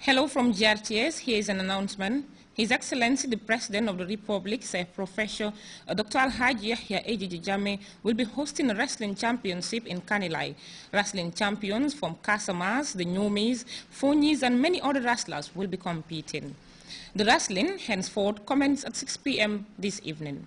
Hello from GRTS. Here is an announcement. His Excellency the President of the Republic, Sir Professor uh, Dr. Alhaji Yahya Ejiji will be hosting a wrestling championship in Kanilai. Wrestling champions from Kasamas, the Nyomis, Funis, and many other wrestlers will be competing. The wrestling, henceforth, commences at 6 p.m. this evening.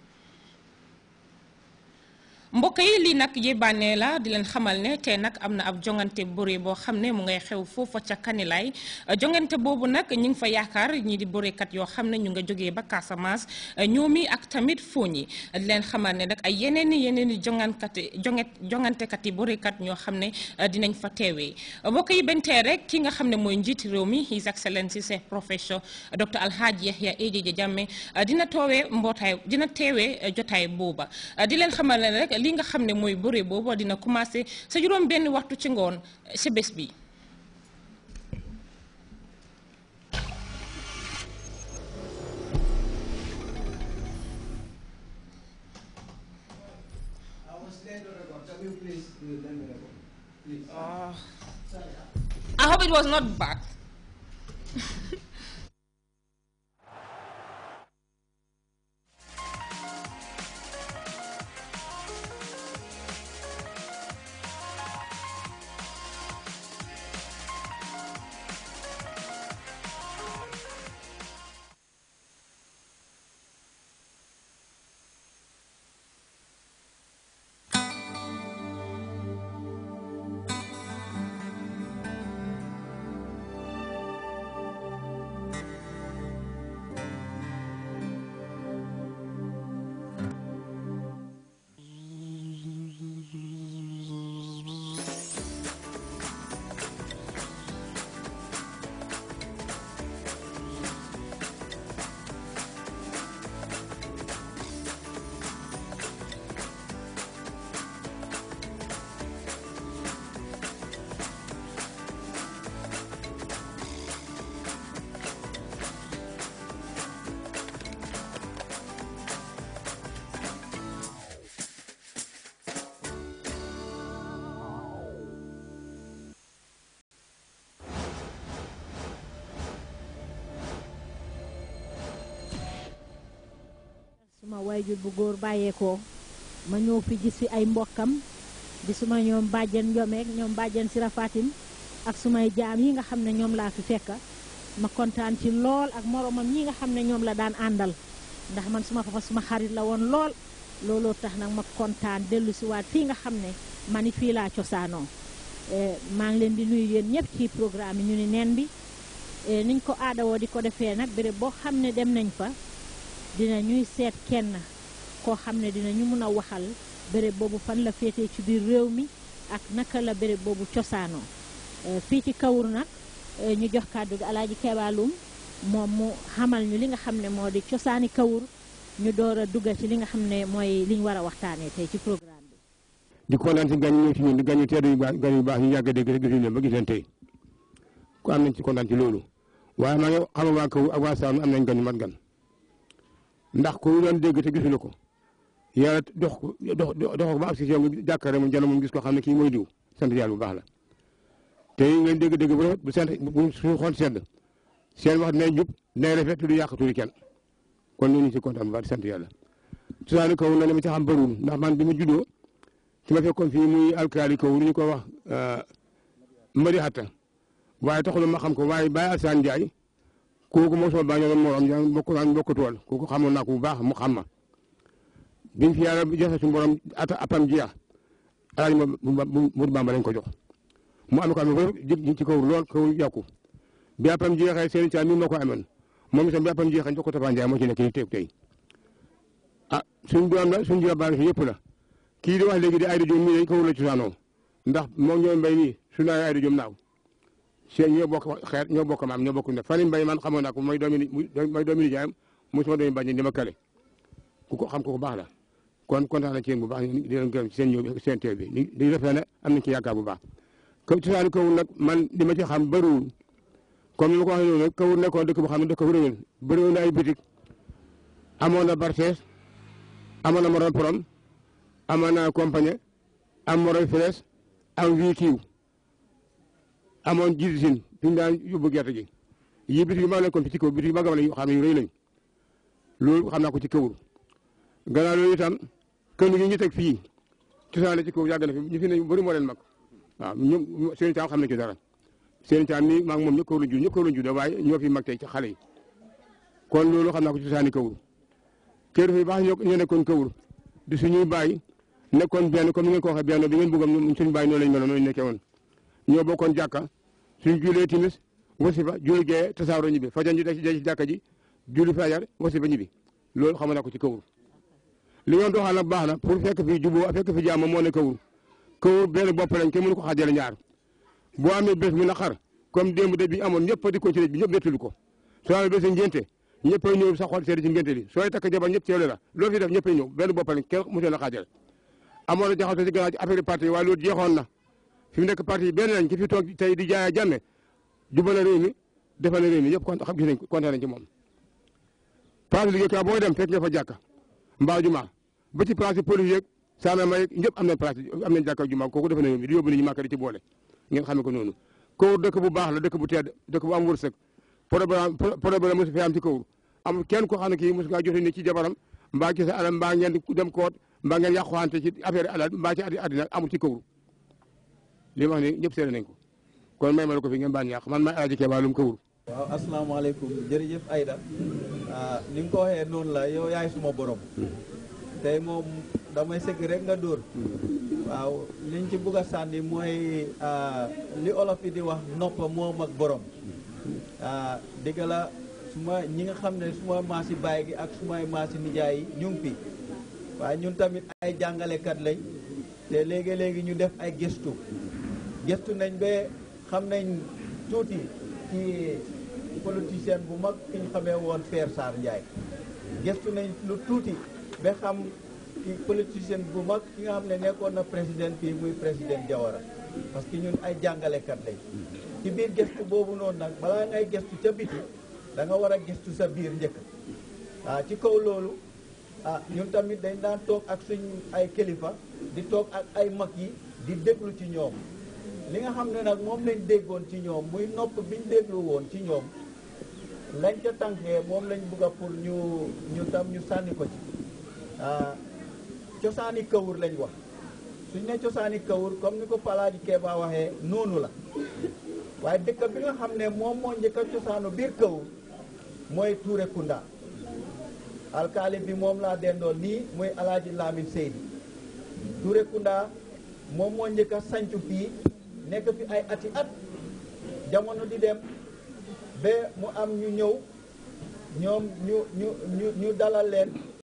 mbokk yi lii nag yébaane la di leen xamal ne tey nag am na ab jongante bëre boo xam ne mu ngay xew foofa ca Kanilaay jongante boobu nag ñu ngi fa yaakaar ñi di bërekat yoo xam ne ñu nga jógee ba Casamance ñoomi ak tamit foo ñi di leen xamal ne nag ay yeneen i yeneen i jongankat jonge jongantekat yi bërekat ñoo xam ne dinañ fa teewee mbokk yi benn tey rek ki nga xam ne mooy njiiti réew mi His Excellency Sir Professor Dr Alhaji Yahya AJJ Jammeh dina toowee mbootaay dina teewee jotaay booba di leen xamal li nga bëre dina commencé sa juróom benn waxtu ci ngoon bés bi I ah. ah, hope it was not bad. ma wayjur bu baye ko ma ñoo fi gis fi ay mbokam bi suma ñoom bàjjen jomeeg ñoom bajjan sira fatim ak suma jaam yi nga xamne ñoom la fi fekk ma kontaan ci lool ak moromam yi nga xamne ñoom la daan andal ndax man suma fa suma xarit la won lool lolo tax nak ma kontaan delu ci waat fi nga xamne ne fi la ciosano eh ma ngi len di nuyu yeen ñëpp ci programme ñu ni neen bi e, niñ ko aadawo di ko defee nag béréb boo xam dem nañ fa dina ñuy seet kenn koo xam ne dina ñu mën a waxal béréb boobu fan la féetee ci biir réew mi ak naka la béréb boobu cosaanoo euh, fii ci Kawur nag euh, ñu jox kàddu gi Alaaji Kebaalum moom mu xamal ñu li nga xam ne moo di cosaani Kawur ñu door a dugg ci li nga xam ne mooy li ñu war a waxtaanee tey ci programme bi. di kontaan si gan ñëw ci ñun di gan ñu teel yu baax gan yu ñu yàgg a dégg rek gis leen ba gis leen tey ko am nañ ci kontaan ci loolu waaye maa ngi xam waa Kawur ak am nañ gan yu ndax ku doon dégg te gisula ko yàlla dox ko dox dox ba ab si si yow nga jàkkaare moom jana moom gis ko xam ne kii mooy diw sant yàlla bu baax la te ngeen dégg dégg bu rafet bu sant bu suñu xool sedd seen wax dinañ jub dinañ rafet te du yàq tuuti kenn kon ñu ngi si kontaan bu baax di sant yàlla. Tusaani Kawur nag li ma ci xam bëriwul ndax man bi ma juddoo ci ma fekkoon fii muy alkaali Kawur ñu ko wax euh, Mari Hatta waaye taxul ma xam ko waaye Baye Assane Ndiaye. kooku moo sama bàyyi doon moo am ñoo bokk naa bokk tool kooku xamoon naa ko bu baax mu xam ma biñ fi yàlla joxe suñu borom at apam jeex alaaji mu bàmba lañ ko jox mu am ko am ko ci kaw lool kaw yàqu bi apam jeexee seen caa mi moo ko amoon moom itam bi apam jeexee jox ko Tapha Ndiaye moo ci nekk nii tey tey ah suñ doom la suñ jabaan si yëpp la kii di wax léegi di Aïda Diop mii dañ ko wóor la ci saanoo ndax moom ñoom mbéy mi su naa Aïda Diop naaw seen ñoo bokk xeet ñoo bokk maam ñoo bokk ne Farim Mbaye man xamoon naa ko mooy doomi mooy doomi nijaayam mosuma doomi bàjjen di ma kale ku ko xam ko baax la kon kontaan na ci bu baax di leen gërëm ci seen ñëw seen teew bi di rafet ne am nañ ci yaakaar bu baax kaw cosaanu kawul nag man li ma ci xam bëriwul comme ni ma ko waxee noonu kawul nekkoon dëkk boo xam ne dëkk bu rëwul bëriwul na ay bitik amoon na barsees amoon na morom porom amoon na compagnie am morom filees am wii kiiw amoon jiitu siin fi ñu daan yóbbu gerte gi yii bitig yi maa nekkoon fi ci kaw bitig yi maa gëm lañu xam ne yu rëy lañ loolu xam na ko ci kawur gannaaw loolu itam kër gi ñu teg fii cosaan la ci kaw yàgg na ñu fi ne bëri moo leen mag waaw ñoom xam nañ ci dara seen taam ni maa ngi moom ñëpp kawur lañ judd ñëpp ñoo fi mag tey ci xale yi kon loolu xam naa ko ci cosaani kawur kër fi baax ñoo nekkoon kawur di suñuy bàyyi nekkoon benn comme ni ngeen ko waxee benn bi ngeen bëggoon suñu bàyyi noonu lañ meloon noonu nekkee woon ñoo bokkoon jàkka suñ julee timis wasifa julli gee tasaaro ñibbi fajar ñu dee ci jàkka ji julli fajar wasifa ñibbi loolu xam naa ko ci kawur li ngeen doxal nag baax na pour fekk fi juboo fekk fi jàmm moo ne kawur kawur benn bopp lañ kenn mënu ko xaajale ñaar boo amee bés a xar comme démb de bi amoon ñëpp di ko ci dëj bi ñëpp nettali ko soo amee bés ngénte ñëpp ay ñëw sa xol seedi ci ngénte li sooy takk jabar ñëpp teewle la loo fi def ñëpp ñëw benn bopp lañ a xaajale amoon na jaxasoo ci na fi mu nekk parti benn lañ ki fi toog tey di jaaya jàmme jubal na réew mi defal na réew mi yëpp kon xam gis nañ ko kontaan ci moom. place liggéeykaay booy dem fekk nga fa jàkka mbaa juma ba ci place police yeeg saana may ñëpp am nañ place am juma kooku defal na di yóbbu nit di ci boole ngeen xamee ko noonu. Kawur dëkk bu baax la dëkk bu tedd dëkk bu am wërsëg problème problème mosu fi am ci Kawur am kenn ko xam ne kii mosu ngaa jote ci jabaram mbaa ci sa alal mbaa ngeen dem koot mbaa ngeen yàquwante ci affaire alal mbaa ci àddina amul ci Kawur li mu wax nii ñëpp seede nañ ko kon may ma la ko fi ngeen baan ñaax man maay Alaaji Keba lu mu ko wur waaw asalaamaaleykum jërëjëf Aida ah, ni nga ko waxee noonu la yow yaay suma borom tey moom damay sëgg rek nga dóor waaw liñ ci bugg a sànni mooy ah, li olof yi di wax nopp moom ak boroom ah, dëgg la suma ñi nga xam ne suma maasi baay gi ak sumay maasi nijaay yi ñu ngi fi waaye ñun tamit ay jàngalekat lañ te léegi-léegi ñu def ay gëstu gëstu nañ ba xam nañ tuuti ci politicien bu mag ki ñu xamee woon Pierre Sarr Ndiaye gëstu nañ lu tuuti ba xam ci politicien bu mag ki nga xam ne nekkoon na président fii muy président Jawara parce que ñun ay jàngalekat lañ ci biir gëstu boobu noonu nag balaa ngay gëstu ca biti da nga war a gëstu sa biir njëkk waaw ci kaw loolu ah ñun tamit dañ daan toog ak suñ ay kilifa di toog ak ay mag yi di déglu ci ñoom li nga xam ne nag moom lañ déggoon ci ñoom muy nopp biñ déglu woon ci ñoom lañ ca tànkee moom lañ bugg a pour ñu ñu ñu sànni ko ci ah, cosaani kawur lañ wax suñ ne cosaani kawur comme ni ko Palaaji Keba waxee noonu la waaye dëkk bi nga xam ne moom moo njëkk cosaanu biir kawur mooy Touré Kunda alkaali bi moom laa dendoon nii muy Alaaji Lamin Seydi Touré Kunda moom moo njëkk sancu fii nekk fi ay ati at jamono di dem ba mu am ñu ñëw ñoom ñu ñu ñu ñu dalal leen